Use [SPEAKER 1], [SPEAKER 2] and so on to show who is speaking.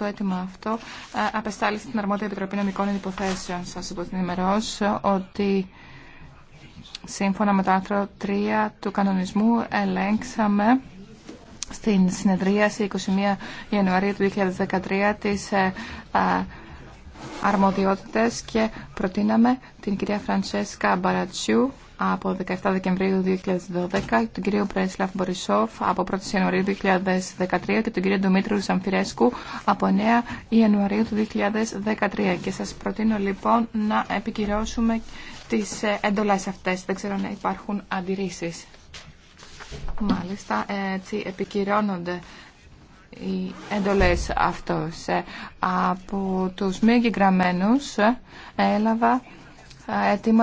[SPEAKER 1] το αίτημα αυτό ε, απεστάλησε στην Αρμόδια Επιτροπή Νομικών Υποθέσεων. Σας υποθυμερώσω ότι σύμφωνα με το άρθρο 3 του κανονισμού ελέγξαμε στην συνεδρίαση 21 Ιανουαρίου του 2013 της ε, ε, αρμοδιότητες και προτείναμε την κυρία Φραντσέσκα Μπαρατσιού από 17 Δεκεμβρίου 2012, τον κύριο Πρέσλαφ Μπορισόφ από 1η Ιανουαρίου 2013 και τον κύριο Ντομήτρου Σαμφιρέσκου από 9 Ιανουαρίου του 2013. Και σας προτείνω λοιπόν να επικυρώσουμε τις έντολες ε, αυτές. Δεν ξέρω αν υπάρχουν αντιρρήσεις. Μάλιστα, ε, έτσι επικυρώνονται οι εντολές αυτός. Ε, από τους μη εγγεγραμμένους ε, έλαβα
[SPEAKER 2] έτοιμο ε,